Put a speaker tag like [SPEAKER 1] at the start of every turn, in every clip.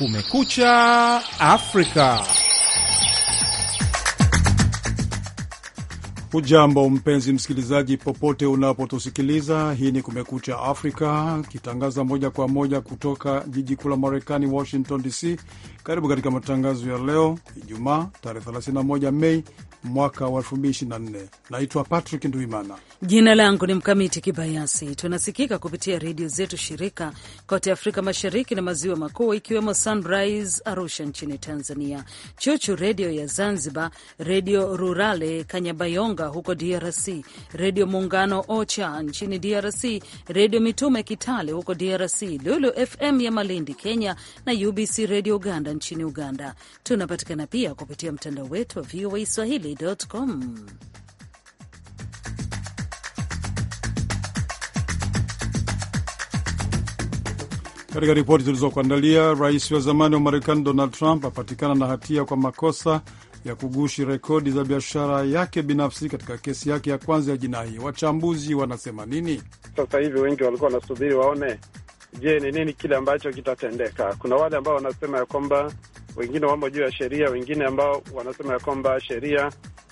[SPEAKER 1] Kumekucha Afrika.
[SPEAKER 2] Ujambo mpenzi msikilizaji, popote unapotusikiliza, hii ni Kumekucha Afrika kitangaza moja kwa moja kutoka jiji kuu la Marekani, Washington DC. Karibu katika matangazo ya leo Ijumaa, tarehe 31 Mei mwaka wa 2024. Naitwa Patrick Nduimana,
[SPEAKER 3] jina langu ni Mkamiti Kibayasi. Tunasikika kupitia redio zetu shirika kote Afrika Mashariki na Maziwa Makuu, ikiwemo Sunrise Arusha nchini Tanzania, Chuchu Redio ya Zanzibar, Redio Rurale Kanyabayonga Virunga huko DRC, Redio Muungano Ocha nchini DRC, Redio Mitume Kitale huko DRC, Lulu FM ya Malindi Kenya na UBC Redio Uganda nchini Uganda. Tunapatikana pia kupitia mtandao wetu wa VOA Swahili.com.
[SPEAKER 2] Katika ripoti zilizokuandalia, rais wa zamani wa Marekani Donald Trump apatikana na hatia kwa makosa ya kugushi rekodi za biashara yake binafsi katika kesi yake ya kwanza ya jinai. Wachambuzi wanasema nini?
[SPEAKER 1] Sasa hivi wengi walikuwa wanasubiri waone, je, ni nini kile ambacho kitatendeka. Kuna wale ambao wanasema ya kwamba wengine wamo juu ya sheria, wengine ambao wanasema ya kwamba sheria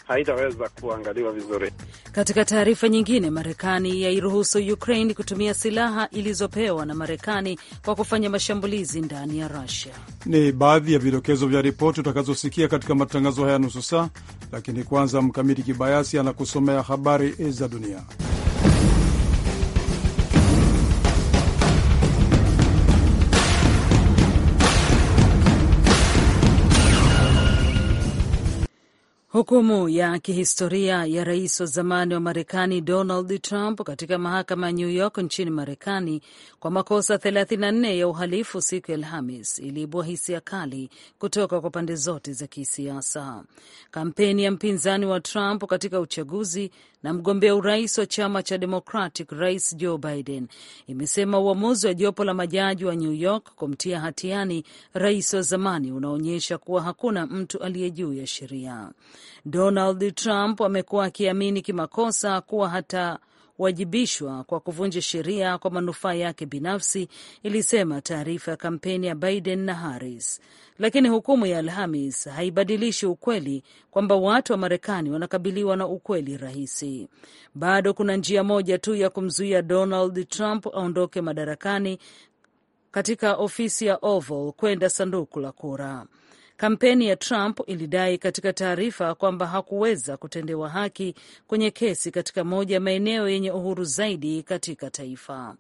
[SPEAKER 1] haitaweza kuangaliwa vizuri.
[SPEAKER 3] Katika taarifa nyingine, Marekani yairuhusu Ukraine kutumia silaha ilizopewa na Marekani kwa kufanya mashambulizi ndani ya Rusia.
[SPEAKER 1] Ni
[SPEAKER 2] baadhi ya vidokezo vya ripoti utakazosikia katika matangazo haya nusu saa, lakini kwanza Mkamiti Kibayasi anakusomea habari za dunia.
[SPEAKER 3] Hukumu ya kihistoria ya rais wa zamani wa Marekani Donald Trump katika mahakama ya New York nchini Marekani kwa makosa 34 ya uhalifu siku ya Alhamis iliibua hisia kali kutoka kwa pande zote za kisiasa. Kampeni ya mpinzani wa Trump katika uchaguzi na mgombea urais wa chama cha Democratic Rais Joe Biden, imesema uamuzi wa jopo la majaji wa New York kumtia hatiani rais wa zamani unaonyesha kuwa hakuna mtu aliye juu ya sheria. Donald Trump amekuwa akiamini kimakosa kuwa hata wajibishwa kwa kuvunja sheria kwa manufaa yake binafsi, ilisema taarifa ya kampeni ya Biden na Harris. Lakini hukumu ya Alhamis haibadilishi ukweli kwamba watu wa Marekani wanakabiliwa na ukweli rahisi. Bado kuna njia moja tu ya kumzuia Donald Trump aondoke madarakani, katika ofisi ya Oval kwenda sanduku la kura. Kampeni ya Trump ilidai katika taarifa kwamba hakuweza kutendewa haki kwenye kesi katika moja ya maeneo yenye uhuru zaidi katika taifa.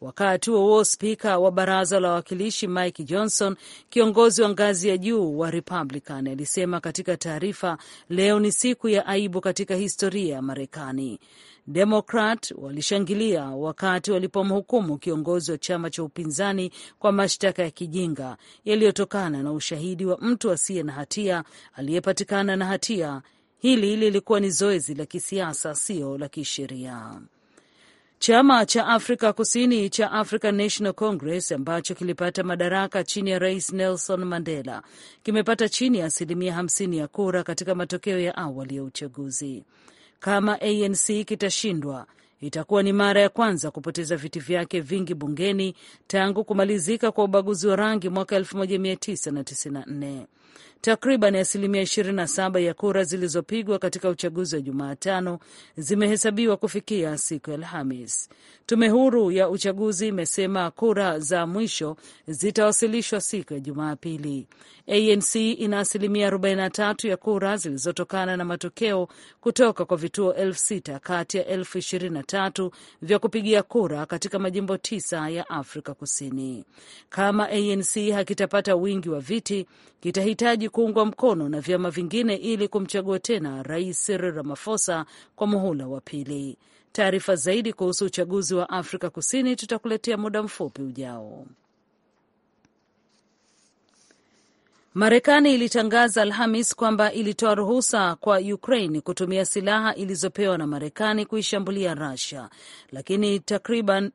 [SPEAKER 3] Wakati huo spika wa baraza la wawakilishi Mike Johnson, kiongozi wa ngazi ya juu wa Republican, alisema katika taarifa, leo ni siku ya aibu katika historia ya Marekani. Demokrat walishangilia wakati walipomhukumu kiongozi wa chama cha upinzani kwa mashtaka ya kijinga yaliyotokana na ushahidi wa mtu asiye na hatia aliyepatikana na hatia. Hili lilikuwa ni zoezi la kisiasa, sio la kisheria. Chama cha Afrika Kusini cha African National Congress ambacho kilipata madaraka chini ya Rais Nelson Mandela kimepata chini ya asilimia 50 ya kura katika matokeo ya awali ya uchaguzi. Kama ANC kitashindwa, itakuwa ni mara ya kwanza kupoteza viti vyake vingi bungeni tangu kumalizika kwa ubaguzi wa rangi mwaka 1994. Takriban asilimia 27 ya kura zilizopigwa katika uchaguzi wa Jumatano zimehesabiwa kufikia siku ya Alhamis. Tume huru ya uchaguzi imesema kura za mwisho zitawasilishwa siku ya Jumapili. ANC ina asilimia 43 ya kura zilizotokana na matokeo kutoka kwa vituo elfu sita kati ya elfu ishirini na tatu vya kupigia kura katika majimbo tisa ya Afrika Kusini. Kama ANC hakitapata wingi wa viti, kitahitaji anahitaji kuungwa mkono na vyama vingine ili kumchagua tena Rais Cyril Ramaphosa kwa muhula wa pili. Taarifa zaidi kuhusu uchaguzi wa Afrika Kusini tutakuletea muda mfupi ujao. Marekani ilitangaza Alhamis kwamba ilitoa ruhusa kwa Ukraine kutumia silaha ilizopewa na Marekani kuishambulia Russia, lakini takriban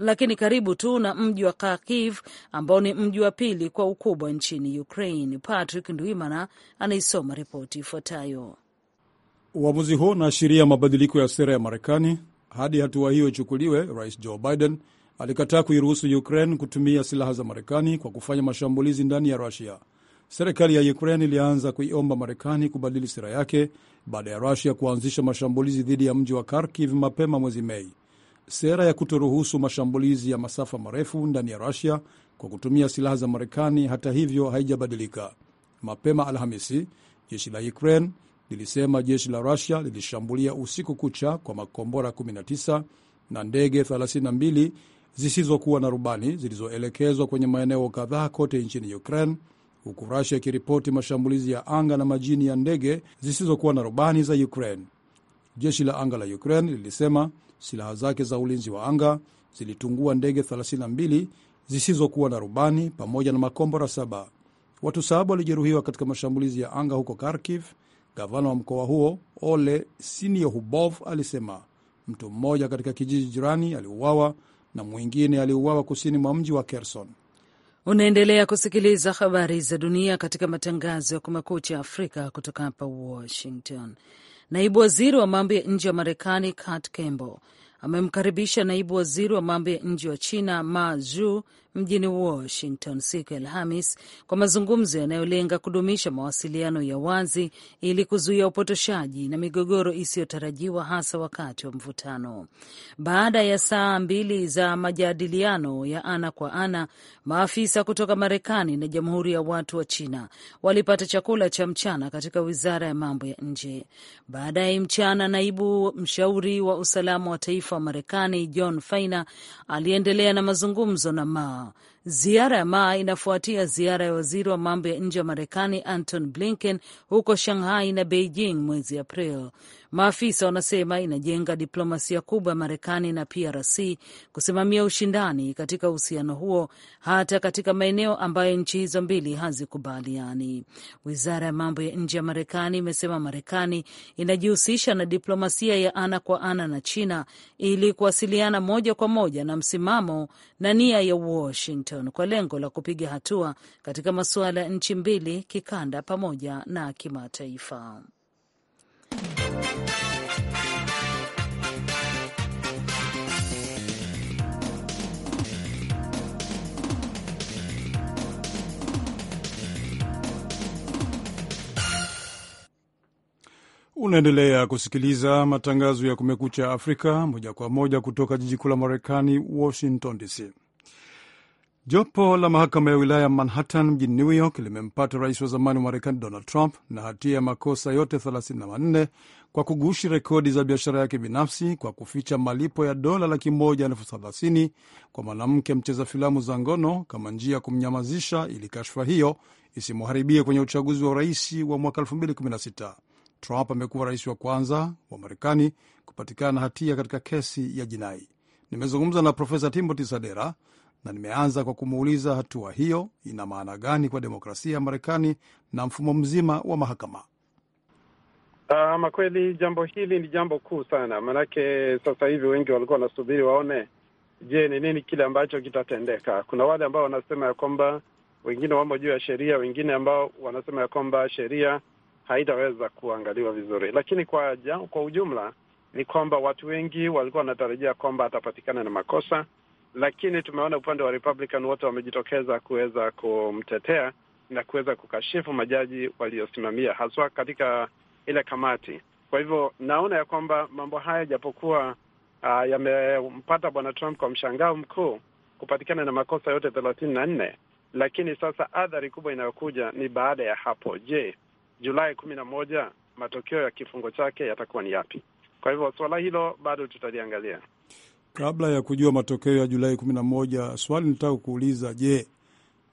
[SPEAKER 3] lakini karibu tu na mji wa Kharkiv ambao ni mji wa pili kwa ukubwa nchini Ukraine. Patrick Ndwimana anaisoma ripoti ifuatayo.
[SPEAKER 2] Uamuzi huo unaashiria mabadiliko ya sera ya Marekani. Hadi hatua hiyo ichukuliwe, Rais Joe Biden alikataa kuiruhusu Ukraine kutumia silaha za Marekani kwa kufanya mashambulizi ndani ya Rusia. Serikali ya Ukraine ilianza kuiomba Marekani kubadili sera yake baada ya Rusia kuanzisha mashambulizi dhidi ya mji wa Kharkiv mapema mwezi Mei. Sera ya kutoruhusu mashambulizi ya masafa marefu ndani ya Rusia kwa kutumia silaha za Marekani, hata hivyo, haijabadilika. Mapema Alhamisi, jeshi la Ukraine lilisema jeshi la Rusia lilishambulia usiku kucha kwa makombora 19 na ndege 32 zisizokuwa na rubani zilizoelekezwa kwenye maeneo kadhaa kote nchini Ukraine, huku Rusia ikiripoti mashambulizi ya anga na majini ya ndege zisizokuwa na rubani za Ukraine. Jeshi la anga la Ukraine lilisema silaha zake za ulinzi wa anga zilitungua ndege 32 zisizokuwa na rubani pamoja na makombora saba. Watu saba walijeruhiwa katika mashambulizi ya anga huko Kharkiv. Gavana wa mkoa huo Ole Siniohubov alisema mtu mmoja katika kijiji jirani aliuawa na mwingine aliuawa kusini mwa mji wa Kherson.
[SPEAKER 3] Unaendelea kusikiliza habari za dunia katika matangazo ya Kumekucha Afrika kutoka hapa Washington. Naibu waziri wa mambo ya nje wa Marekani Kurt Campbell amemkaribisha naibu waziri wa mambo ya nje wa China Ma Zhu mjini Washington siku ya Alhamis kwa mazungumzo yanayolenga kudumisha mawasiliano ya wazi ili kuzuia upotoshaji na migogoro isiyotarajiwa hasa wakati wa mvutano. Baada ya saa mbili za majadiliano ya ana kwa ana, maafisa kutoka Marekani na Jamhuri ya Watu wa China walipata chakula cha mchana katika Wizara ya Mambo ya Nje. Baadaye mchana, naibu mshauri wa usalama wa taifa wa Marekani John Faina aliendelea na mazungumzo na Ma 있다. Ziara ya Ma inafuatia ziara ya waziri wa mambo ya nje wa Marekani Anton Blinken huko Shanghai na Beijing mwezi April. Maafisa wanasema inajenga diplomasia kubwa ya Marekani na PRC kusimamia ushindani katika uhusiano huo, hata katika maeneo ambayo nchi hizo mbili hazikubaliani. Wizara ya mambo ya nje ya Marekani imesema Marekani inajihusisha na diplomasia ya ana kwa ana na China ili kuwasiliana moja kwa moja na msimamo na nia ya Washington. Washington kwa lengo la kupiga hatua katika masuala ya nchi mbili kikanda pamoja na kimataifa.
[SPEAKER 2] Unaendelea kusikiliza matangazo ya Kumekucha Afrika moja kwa moja kutoka jiji kuu la Marekani, Washington DC. Jopo la mahakama ya wilaya ya Manhattan mjini New York limempata rais wa zamani wa Marekani Donald Trump na hatia ya makosa yote 34 kwa kugushi rekodi za biashara yake binafsi kwa kuficha malipo ya dola laki moja elfu thelathini kwa mwanamke mcheza filamu za ngono kama njia ya kumnyamazisha ili kashfa hiyo isimharibie kwenye uchaguzi wa urais wa mwaka 2016. Trump amekuwa rais wa kwanza wa Marekani kupatikana hatia katika kesi ya jinai. Nimezungumza na Profesa Timothy Sadera na nimeanza kwa kumuuliza hatua hiyo ina maana gani kwa demokrasia ya Marekani na mfumo mzima wa mahakama.
[SPEAKER 1] Ah, ama uh, kweli jambo hili ni jambo kuu sana, maanake sasa hivi wengi walikuwa wanasubiri waone, je, ni nini kile ambacho kitatendeka. Kuna wale ambao wanasema ya kwamba wengine wamo juu ya sheria, wengine ambao wanasema ya kwamba sheria haitaweza kuangaliwa vizuri, lakini kwa, kwa ujumla ni kwamba watu wengi walikuwa wanatarajia kwamba atapatikana na makosa lakini tumeona upande wa Republican wote wamejitokeza kuweza kumtetea na kuweza kukashifu majaji waliosimamia haswa katika ile kamati. Kwa hivyo naona ya kwamba mambo haya japokuwa uh, yamempata bwana Trump kwa mshangao mkuu kupatikana na makosa yote thelathini na nne, lakini sasa athari kubwa inayokuja ni baada ya hapo. Je, Julai kumi na moja matokeo ya kifungo chake yatakuwa ni yapi? Kwa hivyo suala hilo bado tutaliangalia.
[SPEAKER 2] Kabla ya kujua matokeo ya Julai 11, swali nitaka kuuliza, je,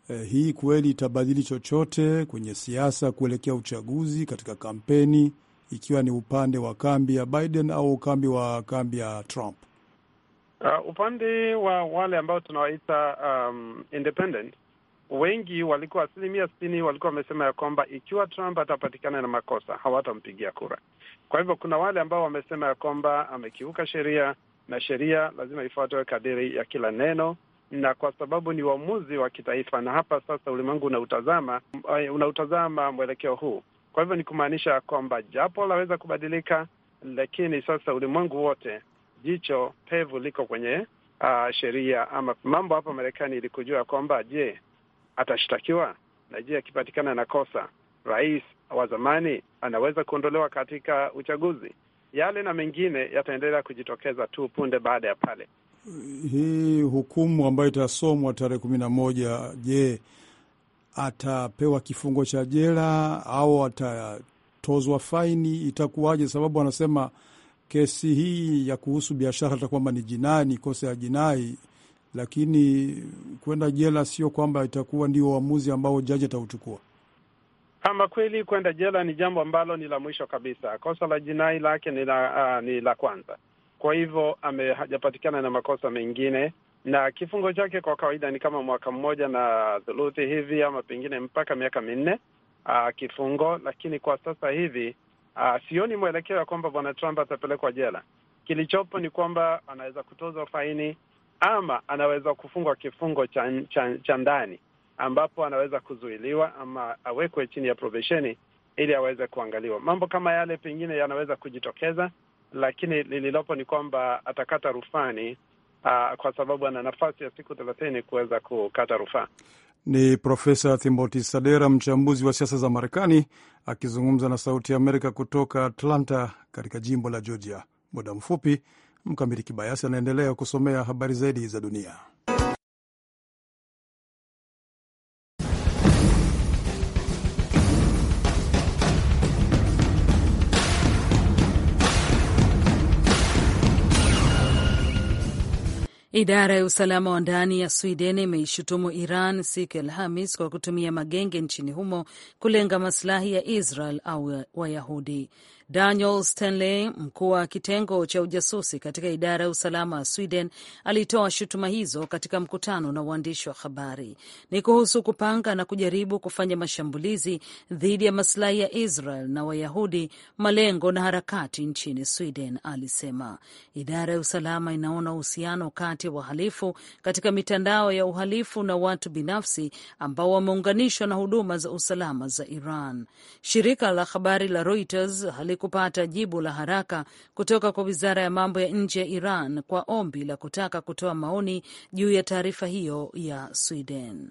[SPEAKER 2] eh, hii kweli itabadili chochote kwenye siasa kuelekea uchaguzi katika kampeni, ikiwa ni upande wa kambi ya Biden au ukambi wa kambi ya Trump?
[SPEAKER 1] Uh, upande wa wale ambao tunawaita um, independent wengi walikuwa asilimia sitini walikuwa wamesema ya kwamba ikiwa Trump atapatikana na makosa hawatampigia kura. Kwa hivyo kuna wale ambao wamesema ya kwamba amekiuka sheria, na sheria lazima ifuatwe kadiri ya kila neno, na kwa sababu ni uamuzi wa kitaifa, na hapa sasa ulimwengu unautazama eh, unautazama mwelekeo huu. Kwa hivyo ni kumaanisha kwamba japo laweza kubadilika, lakini sasa ulimwengu wote jicho pevu liko kwenye uh, sheria ama mambo hapa Marekani ilikujua kwamba je, atashtakiwa na je, akipatikana na kosa rais wa zamani anaweza kuondolewa katika uchaguzi yale na mengine yataendelea kujitokeza tu punde baada ya pale.
[SPEAKER 2] Hii hukumu ambayo itasomwa tarehe kumi na moja, je, atapewa kifungo cha jela au atatozwa faini? Itakuwaje? Sababu anasema kesi hii ya kuhusu biashara, ta kwamba ni jinai, ni kosa ya jinai, lakini kwenda jela sio kwamba itakuwa ndio uamuzi ambao jaji atauchukua.
[SPEAKER 1] Ama kweli kwenda jela ni jambo ambalo ni la mwisho kabisa. Kosa la jinai lake ni la, uh, ni la kwanza. Kwa hivyo hajapatikana na makosa mengine, na kifungo chake kwa kawaida ni kama mwaka mmoja na thuluthi hivi ama pengine mpaka miaka minne uh, kifungo. Lakini kwa sasa hivi uh, sioni mwelekeo ya kwamba bwana Trump atapelekwa jela. Kilichopo ni kwamba anaweza kutozwa faini ama anaweza kufungwa kifungo cha ndani ambapo anaweza kuzuiliwa ama awekwe chini ya probesheni ili aweze kuangaliwa. Mambo kama yale pengine yanaweza kujitokeza, lakini lililopo ni kwamba atakata rufani aa, ah, kwa sababu ana nafasi ya siku thelathini kuweza kukata rufaa.
[SPEAKER 2] Ni Profesa Timothy Sadera, mchambuzi wa siasa za Marekani, akizungumza na Sauti ya Amerika kutoka Atlanta katika jimbo la Georgia. Muda mfupi Mkamiri Kibayasi anaendelea kusomea habari zaidi za dunia.
[SPEAKER 3] Idara ya usalama wa ndani ya Sweden imeishutumu Iran siku ya Alhamis kwa kutumia magenge nchini humo kulenga masilahi ya Israel au Wayahudi. Daniel Stanley, mkuu wa kitengo cha ujasusi katika idara ya usalama wa Sweden, alitoa shutuma hizo katika mkutano na waandishi wa habari. Ni kuhusu kupanga na kujaribu kufanya mashambulizi dhidi ya masilahi ya Israel na Wayahudi, malengo na harakati nchini Sweden, alisema. Idara ya usalama inaona uhusiano kati ya wahalifu katika mitandao ya uhalifu na watu binafsi ambao wameunganishwa na huduma za usalama za Iran. Shirika la habari la Reuters hali kupata jibu la haraka kutoka kwa wizara ya mambo ya nje ya Iran kwa ombi la kutaka kutoa maoni juu ya taarifa hiyo ya Sweden.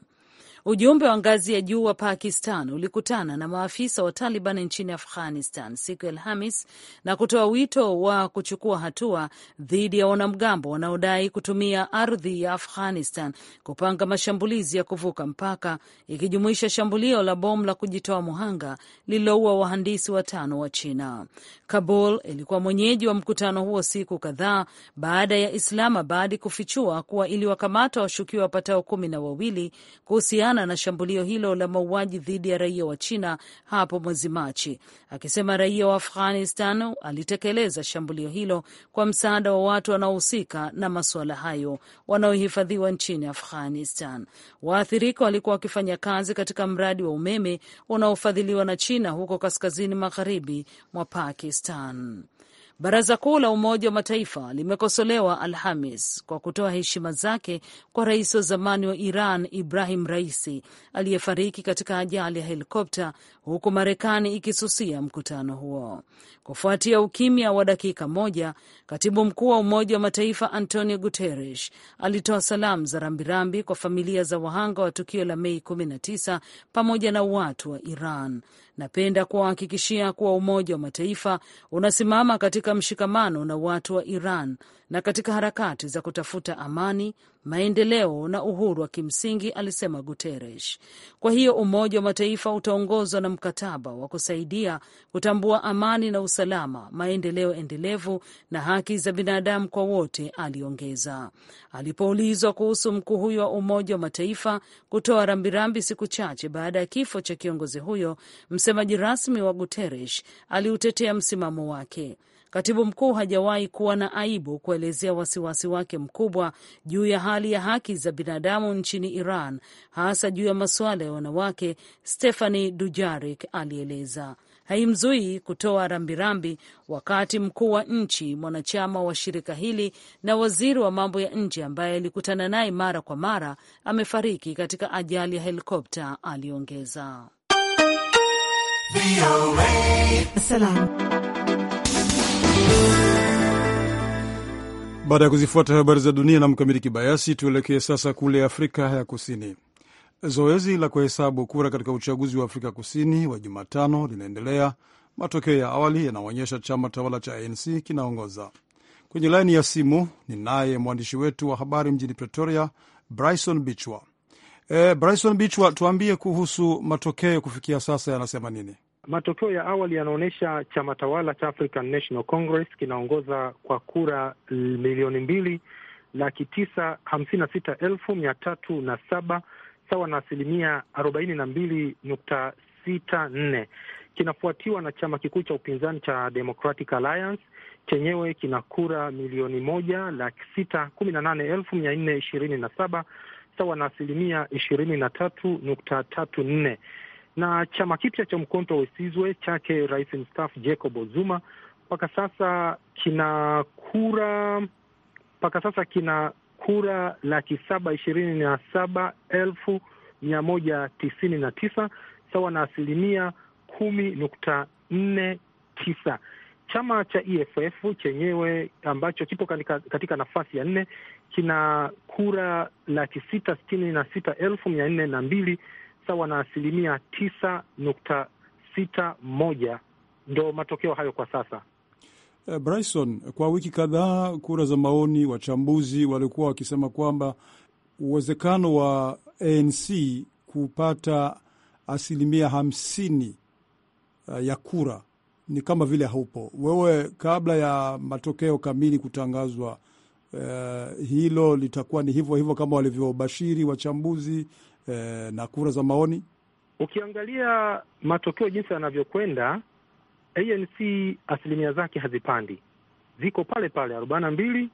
[SPEAKER 3] Ujumbe wa ngazi ya juu wa Pakistan ulikutana na maafisa wa Taliban nchini Afghanistan siku ya Alhamis na kutoa wito wa kuchukua hatua dhidi ya wanamgambo wanaodai kutumia ardhi ya Afghanistan kupanga mashambulizi ya kuvuka mpaka, ikijumuisha shambulio la bomu la kujitoa muhanga lililoua wahandisi watano wa China. Kabul ilikuwa mwenyeji wa mkutano huo siku kadhaa baada ya Islamabad kufichua kuwa iliwakamata washukiwa wapatao kumi na wawili kuhusiana kutokana na shambulio hilo la mauaji dhidi ya raia wa China hapo mwezi Machi, akisema raia wa Afghanistan alitekeleza shambulio hilo kwa msaada wa watu wanaohusika na masuala hayo wanaohifadhiwa nchini Afghanistan. Waathirika walikuwa wakifanya kazi katika mradi wa umeme unaofadhiliwa na China huko kaskazini magharibi mwa Pakistan. Baraza Kuu la Umoja wa Mataifa limekosolewa Alhamis kwa kutoa heshima zake kwa rais wa zamani wa Iran Ibrahim Raisi aliyefariki katika ajali ya helikopta huku Marekani ikisusia mkutano huo. Kufuatia ukimya wa dakika moja, katibu mkuu wa Umoja wa Mataifa Antonio Guterres alitoa salamu za rambirambi kwa familia za wahanga wa tukio la Mei 19 pamoja na watu wa Iran. Napenda kuwahakikishia kuwa Umoja wa Mataifa unasimama katika mshikamano na watu wa Iran na katika harakati za kutafuta amani, maendeleo na uhuru wa kimsingi, alisema Guterres. Kwa hiyo Umoja wa Mataifa utaongozwa na mkataba wa kusaidia kutambua amani na usalama, maendeleo endelevu na haki za binadamu kwa wote, aliongeza. Alipoulizwa kuhusu mkuu huyo wa Umoja wa Mataifa kutoa rambirambi siku chache baada ya kifo cha kiongozi huyo, msemaji rasmi wa Guterres aliutetea msimamo wake. Katibu mkuu hajawahi kuwa na aibu kuelezea wasiwasi wake mkubwa juu ya hali ya haki za binadamu nchini Iran, hasa juu ya masuala ya wanawake. stehani Dujarik alieleza haimzuii kutoa rambirambi wakati mkuu wa nchi mwanachama wa shirika hili na waziri wa mambo ya nje ambaye alikutana naye mara kwa mara amefariki katika ajali ya helikopta, aliongeza.
[SPEAKER 2] Baada ya kuzifuata habari za dunia na Mkamiti Kibayasi, tuelekee sasa kule Afrika ya Kusini. Zoezi la kuhesabu kura katika uchaguzi wa Afrika Kusini wa Jumatano linaendelea. Matokeo ya awali yanaonyesha chama tawala cha ANC kinaongoza. Kwenye laini ya simu ni naye mwandishi wetu wa habari mjini Pretoria, Bryson Bichwa. E, Bryson Bichwa, tuambie kuhusu matokeo kufikia sasa yanasema nini?
[SPEAKER 4] Matokeo ya awali yanaonyesha chama tawala cha African National Congress kinaongoza kwa kura milioni mbili laki tisa hamsini na sita elfu mia tatu na saba sawa na asilimia arobaini na mbili nukta sita nne. Kinafuatiwa na chama kikuu cha upinzani cha Democratic Alliance, chenyewe kina kura milioni moja laki sita kumi na nane elfu mia nne ishirini na saba sawa na asilimia ishirini na tatu nukta tatu nne na chama kipya cha Mkonto Wesizwe chake rais mstaafu Jacob Zuma mpaka sasa kina kura mpaka sasa kina kura laki saba ishirini na saba elfu mia moja tisini na tisa sawa na asilimia kumi nukta nne tisa. Chama cha EFF chenyewe ambacho kipo katika, katika nafasi ya nne kina kura laki sita sitini na sita elfu mia nne na mbili sasa wana asilimia tisa nukta sita moja. Ndo matokeo hayo kwa sasa.
[SPEAKER 2] Eh, Bryson, kwa wiki kadhaa kura za maoni, wachambuzi walikuwa wakisema kwamba uwezekano wa ANC kupata asilimia hamsini eh, ya kura ni kama vile haupo. Wewe, kabla ya matokeo kamili kutangazwa, uh, hilo litakuwa ni hivyo hivyo kama walivyobashiri wachambuzi eh, na kura za maoni?
[SPEAKER 4] Ukiangalia matokeo jinsi yanavyokwenda, ANC asilimia zake hazipandi, ziko pale pale arobaini na mbili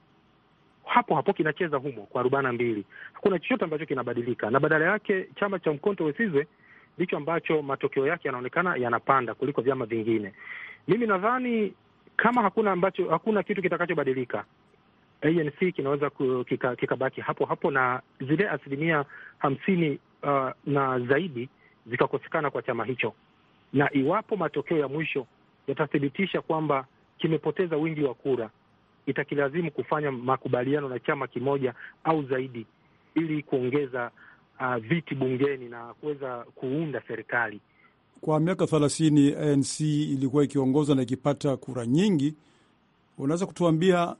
[SPEAKER 4] hapo hapo kinacheza humo kwa arobaini na mbili. Hakuna chochote ambacho kinabadilika, na badala yake chama cha Mkonto wesize ndicho ambacho matokeo yake yanaonekana yanapanda kuliko vyama vingine. Mimi nadhani kama hakuna ambacho, hakuna kitu kitakachobadilika, ANC kinaweza kikabaki kika hapo hapo na zile asilimia hamsini uh, na zaidi zikakosekana kwa chama hicho, na iwapo matokeo ya mwisho yatathibitisha kwamba kimepoteza wingi wa kura, itakilazimu kufanya makubaliano na chama kimoja au zaidi ili kuongeza uh, viti bungeni na kuweza kuunda serikali.
[SPEAKER 2] Kwa miaka thelathini ANC ilikuwa ikiongoza na ikipata kura nyingi. Unaweza kutuambia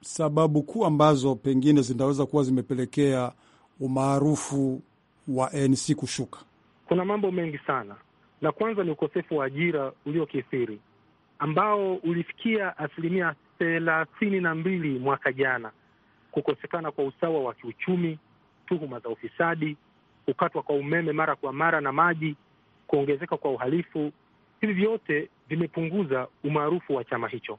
[SPEAKER 2] sababu kuu ambazo pengine zinaweza kuwa zimepelekea umaarufu wa ANC kushuka?
[SPEAKER 4] Kuna mambo mengi sana. La kwanza ni ukosefu wa ajira uliokithiri ambao ulifikia asilimia thelathini na mbili mwaka jana, kukosekana kwa usawa wa kiuchumi, tuhuma za ufisadi, kukatwa kwa umeme mara kwa mara na maji, kuongezeka kwa uhalifu, hivi vyote vimepunguza umaarufu wa chama hicho.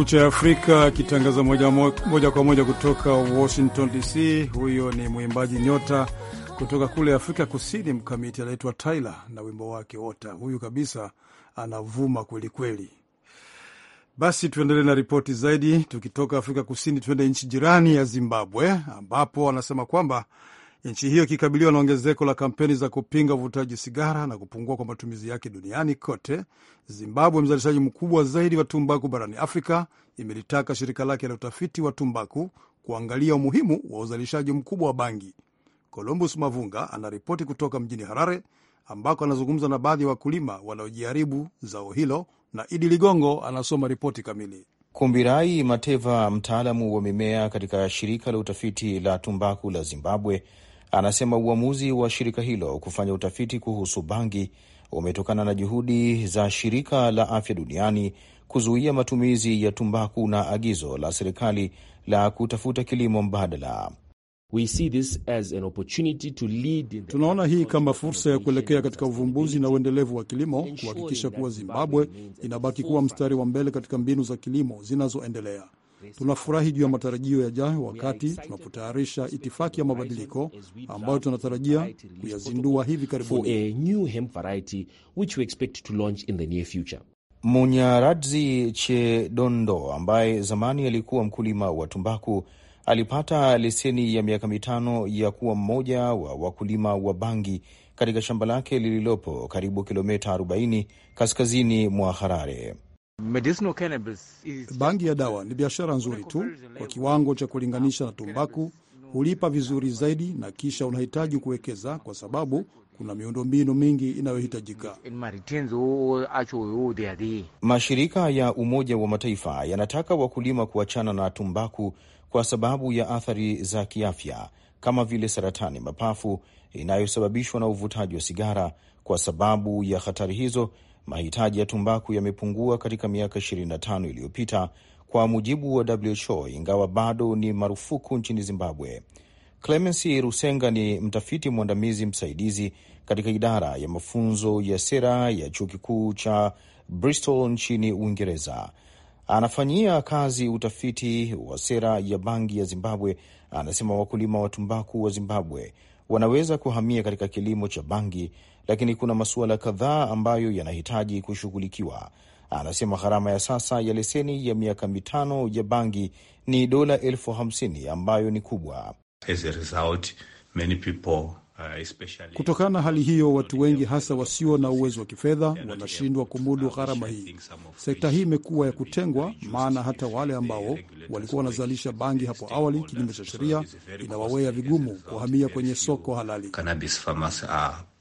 [SPEAKER 2] Kumekucha Afrika akitangaza moja, moja kwa moja kutoka Washington DC. Huyo ni mwimbaji nyota kutoka kule Afrika Kusini, mkamiti anaitwa Tyler na wimbo wake Wota. Huyu kabisa anavuma kwelikweli. Basi tuendelee na ripoti zaidi. Tukitoka Afrika Kusini, tuende nchi jirani ya Zimbabwe, ambapo anasema kwamba Nchi hiyo ikikabiliwa na ongezeko la kampeni za kupinga uvutaji sigara na kupungua kwa matumizi yake duniani kote, Zimbabwe, mzalishaji mkubwa zaidi wa tumbaku barani Afrika, imelitaka shirika lake la utafiti wa tumbaku kuangalia umuhimu wa uzalishaji mkubwa wa bangi. Columbus Mavunga anaripoti kutoka mjini Harare, ambako anazungumza na baadhi ya wa wakulima wanaojaribu zao hilo, na Idi Ligongo anasoma ripoti kamili.
[SPEAKER 5] Kumbirai Mateva, mtaalamu wa mimea katika shirika la utafiti la tumbaku la Zimbabwe, Anasema uamuzi wa shirika hilo kufanya utafiti kuhusu bangi umetokana na juhudi za shirika la afya duniani kuzuia matumizi ya tumbaku na agizo la serikali la kutafuta kilimo mbadala. We see this as an opportunity to lead...
[SPEAKER 2] tunaona hii kama fursa ya kuelekea katika uvumbuzi na uendelevu wa kilimo, kuhakikisha kuwa Zimbabwe inabaki kuwa mstari wa mbele katika mbinu za kilimo zinazoendelea. Tunafurahi juu ya matarajio yajayo wakati tunapotayarisha itifaki ya mabadiliko ambayo
[SPEAKER 5] tunatarajia kuyazindua hivi karibuni. Munyaradzi Chedondo ambaye zamani alikuwa mkulima wa tumbaku alipata leseni ya miaka mitano ya kuwa mmoja wa wakulima wa bangi katika shamba lake lililopo karibu kilomita 40 kaskazini mwa Harare.
[SPEAKER 2] Medicinal cannabis is... bangi ya dawa ni biashara nzuri tu kwa kiwango cha kulinganisha na tumbaku, hulipa vizuri zaidi, na kisha unahitaji kuwekeza kwa sababu kuna miundombinu mingi inayohitajika. Oh,
[SPEAKER 5] oh, oh, Mashirika ya Umoja wa Mataifa yanataka wakulima kuachana na tumbaku kwa sababu ya athari za kiafya kama vile saratani mapafu inayosababishwa na uvutaji wa sigara. Kwa sababu ya hatari hizo mahitaji ya tumbaku yamepungua katika miaka 25 iliyopita kwa mujibu wa WHO, ingawa bado ni marufuku nchini Zimbabwe. Clemency Rusenga ni mtafiti mwandamizi msaidizi katika idara ya mafunzo ya sera ya chuo kikuu cha Bristol nchini Uingereza. Anafanyia kazi utafiti wa sera ya bangi ya Zimbabwe. Anasema wakulima wa tumbaku wa Zimbabwe wanaweza kuhamia katika kilimo cha bangi lakini kuna masuala kadhaa ambayo yanahitaji kushughulikiwa. Anasema gharama ya sasa ya leseni ya miaka mitano ya bangi ni dola elfu hamsini ambayo ni kubwa. As a result, many people uh,
[SPEAKER 2] Kutokana na hali hiyo, watu wengi hasa wasio na uwezo wa kifedha wanashindwa kumudu gharama hii. Sekta hii imekuwa ya kutengwa, maana hata wale ambao walikuwa wanazalisha bangi hapo awali kinyume cha sheria inawawea vigumu kuhamia kwenye soko halali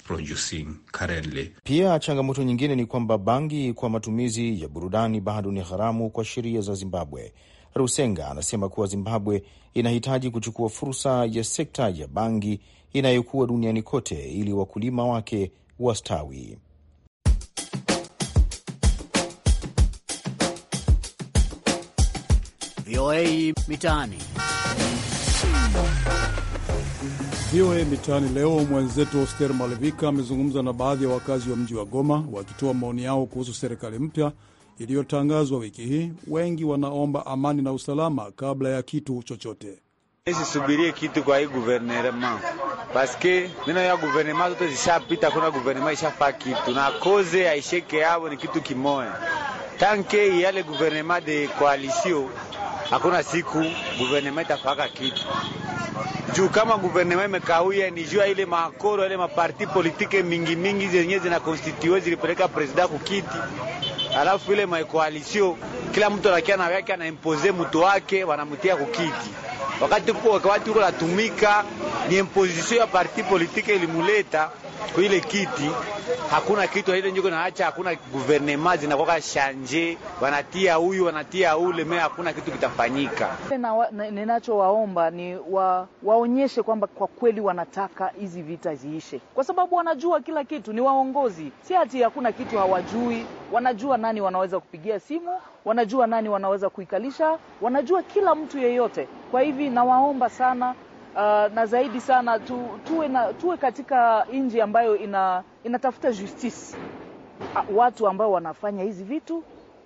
[SPEAKER 5] producing currently. Pia changamoto nyingine ni kwamba bangi kwa matumizi ya burudani bado ni haramu kwa sheria za Zimbabwe. Rusenga anasema kuwa Zimbabwe inahitaji kuchukua fursa ya sekta ya bangi inayokuwa duniani kote ili wakulima wake wastawi.
[SPEAKER 3] VOA Mitaani.
[SPEAKER 2] VOA Mitaani leo mwenzetu Oster Malevika amezungumza na baadhi ya wakazi wa mji wa Goma wakitoa maoni yao kuhusu serikali mpya iliyotangazwa wiki hii. Wengi wanaomba amani na usalama kabla ya kitu chochote.
[SPEAKER 5] Sisubirie kitu kwa hii guvernema paske neno ya guvernema zote zishapita. Kuna guvernema ishafaa kitu na koze aisheke yavo ni kitu kimoya tanke yale guvernema de koalisio, hakuna siku guvernema itafaka kitu juu kama guvernema imekawia ni juu ile makoro ile maparti politike mingi mingi zenye zina konstitue zilipeleka presida kukiti, alafu ile makoalisio kila mtu anakia na yake anaimpose mtu wake wanamtia kukiti, wakati huko wakati huko latumika ni imposition ya parti politike ilimuleta kwile kiti hakuna kitu ile njiko naacha, hakuna guvernema zinakwaka shanje, wanatia huyu wanatia ule mea, hakuna kitu kitafanyika.
[SPEAKER 3] Ninachowaomba ni wa, waonyeshe kwamba kwa kweli wanataka hizi vita ziishe, kwa sababu wanajua kila kitu, ni waongozi, si ati hakuna kitu hawajui. Wanajua nani wanaweza kupigia simu, wanajua nani wanaweza kuikalisha, wanajua kila mtu yeyote. Kwa hivi nawaomba sana uh, na zaidi sana tu, tuwe, na, tuwe katika nji ambayo ina, inatafuta justice. Ah, watu ambao wanafanya hizi vitu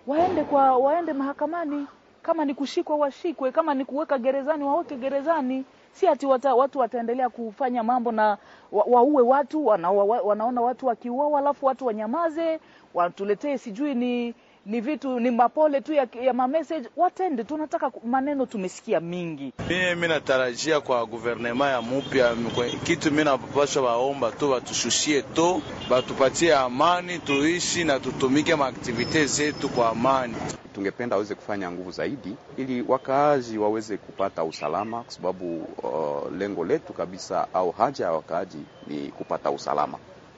[SPEAKER 3] waende, kwa, waende mahakamani. Kama ni kushikwa washikwe, kama ni kuweka gerezani waweke gerezani. Si ati wata, watu wataendelea kufanya mambo na wa, waue watu wana, wa, wanaona watu wakiuawa alafu watu wanyamaze, watuletee sijui ni ni vitu ni mapole tu ya, ya message watende. Tunataka maneno, tumesikia mingi.
[SPEAKER 2] Mimi natarajia kwa guvernema ya mupya kitu, mimi napapasha waomba tu watushushie tu watupatie amani, tuishi na tutumike
[SPEAKER 5] maaktivite zetu kwa amani. Tungependa waweze kufanya nguvu zaidi ili wakaaji waweze kupata usalama, kwa sababu uh, lengo letu kabisa au haja ya wakaaji ni kupata usalama.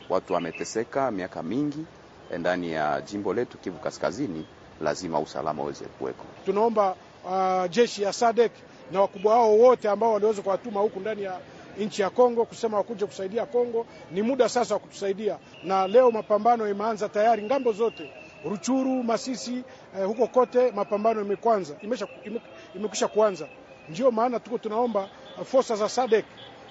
[SPEAKER 5] Watu wameteseka miaka mingi. Eh, ndani ya jimbo letu Kivu Kaskazini, lazima usalama uweze kuweko.
[SPEAKER 2] Tunaomba uh, jeshi ya SADC na wakubwa wao wote ambao waliweza kuwatuma huku ndani ya nchi ya Kongo kusema wakuja kusaidia Kongo, ni muda sasa wa kutusaidia, na leo mapambano imeanza tayari ngambo zote Ruchuru, Masisi, eh, huko kote mapambano imekwanza imesha imekwisha kuanza. Ndio maana tuko tunaomba uh, forsa za SADC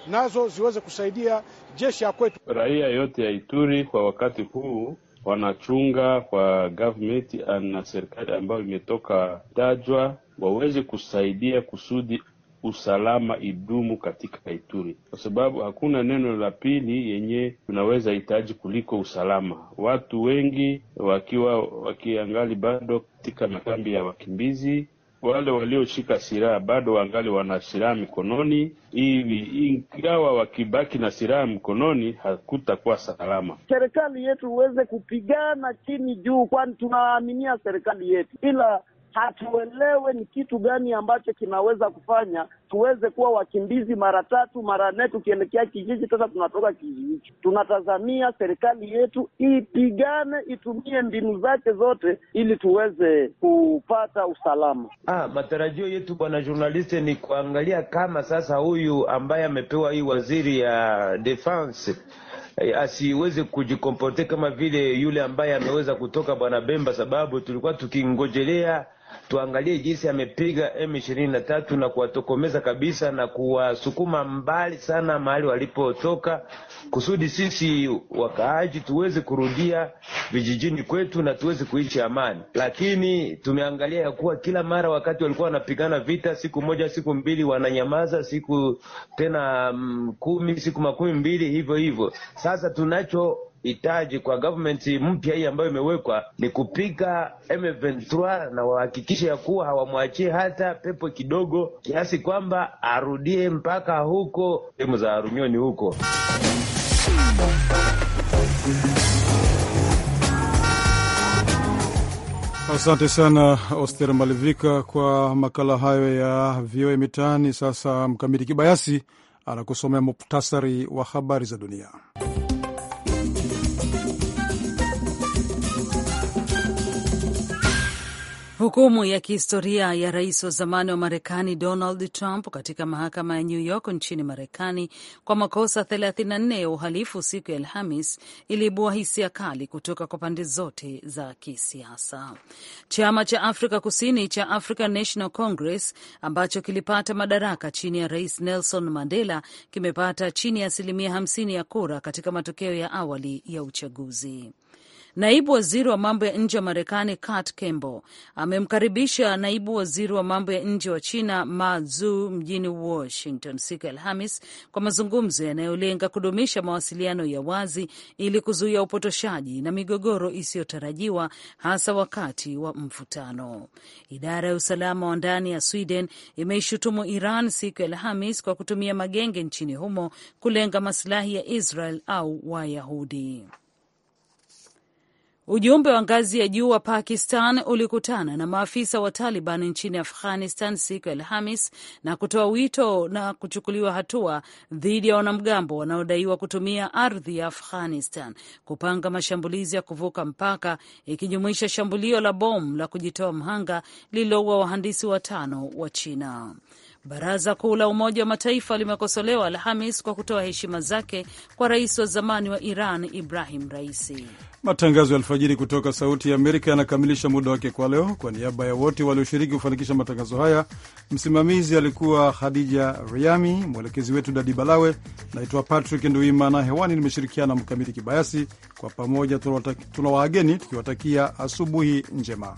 [SPEAKER 2] nazo ziweze kusaidia
[SPEAKER 1] jeshi ya kwetu. Raia yote ya Ituri kwa wakati huu wanachunga kwa government na serikali ambayo imetoka tajwa waweze kusaidia kusudi usalama idumu katika Ituri, kwa sababu hakuna neno la pili yenye tunaweza hitaji kuliko usalama. Watu wengi wakiwa wakiangali bado katika makambi ya wakimbizi wale walioshika silaha bado wangali wana silaha mikononi, ili ingawa wakibaki na silaha mkononi hakutakuwa salama.
[SPEAKER 5] Serikali yetu uweze kupigana chini juu, kwani tunaaminia serikali yetu ila hatuelewe ni kitu gani ambacho kinaweza kufanya tuweze kuwa wakimbizi mara tatu mara nne, tukielekea kijiji. Sasa tunatoka kijiji, tunatazamia serikali yetu ipigane, itumie mbinu zake zote ili tuweze kupata usalama. Ah, matarajio yetu bwana journaliste ni kuangalia kama sasa huyu ambaye amepewa hii waziri ya defense eh, asiweze kujikomporte kama vile yule ambaye ameweza kutoka bwana Bemba, sababu tulikuwa tukingojelea tuangalie jinsi amepiga M23 na kuwatokomeza kabisa na kuwasukuma mbali sana mahali walipotoka, kusudi sisi wakaaji tuweze kurudia vijijini kwetu na tuweze kuishi amani. Lakini tumeangalia ya kuwa kila mara wakati walikuwa wanapigana vita, siku moja, siku mbili wananyamaza, siku tena mm, kumi, siku makumi mbili, hivyo hivyo. Sasa tunacho hitaji kwa government mpya hii ambayo imewekwa ni kupiga M23 na wahakikishe ya kuwa hawamwachie hata pepo kidogo, kiasi kwamba arudie mpaka huko sehemu za Arunyoni huko.
[SPEAKER 2] Asante sana Oster Malivika kwa makala hayo ya VOA e Mitaani. Sasa Mkamiti Kibayasi anakusomea muktasari wa habari za dunia.
[SPEAKER 3] Hukumu ya kihistoria ya rais wa zamani wa Marekani Donald Trump katika mahakama ya New York nchini Marekani kwa makosa 34 ya uhalifu siku ya Alhamis iliibua hisia kali kutoka kwa pande zote za kisiasa. Chama cha Afrika Kusini cha African National Congress ambacho kilipata madaraka chini ya rais Nelson Mandela kimepata chini ya asilimia 50 ya kura katika matokeo ya awali ya uchaguzi. Naibu waziri wa mambo ya nje wa Marekani Kurt Campbell amemkaribisha naibu waziri wa mambo ya nje wa China Ma Zu mjini Washington siku ya Alhamis kwa mazungumzo yanayolenga kudumisha mawasiliano ya wazi ili kuzuia upotoshaji na migogoro isiyotarajiwa hasa wakati wa mvutano. Idara ya usalama wa ndani ya Sweden imeishutumu Iran siku ya Alhamis kwa kutumia magenge nchini humo kulenga masilahi ya Israel au Wayahudi. Ujumbe wa ngazi ya juu wa Pakistan ulikutana na maafisa wa Taliban nchini Afghanistan siku ya Alhamis na kutoa wito na kuchukuliwa hatua dhidi ya wanamgambo wanaodaiwa kutumia ardhi ya Afghanistan kupanga mashambulizi ya kuvuka mpaka, ikijumuisha shambulio la bomu la kujitoa mhanga lililoua wahandisi watano wa China. Baraza Kuu la Umoja wa Mataifa limekosolewa Alhamis kwa kutoa heshima zake kwa rais wa zamani wa Iran Ibrahim Raisi.
[SPEAKER 2] Matangazo ya alfajiri kutoka Sauti ya Amerika yanakamilisha muda wake kwa leo. Kwa niaba ya wote walioshiriki kufanikisha matangazo haya, msimamizi alikuwa Khadija Riami, mwelekezi wetu Dadi Balawe. Naitwa Patrick Nduimana, hewani nimeshirikiana Mkamiti Kibayasi. Kwa pamoja tuna tukiwatakia asubuhi njema.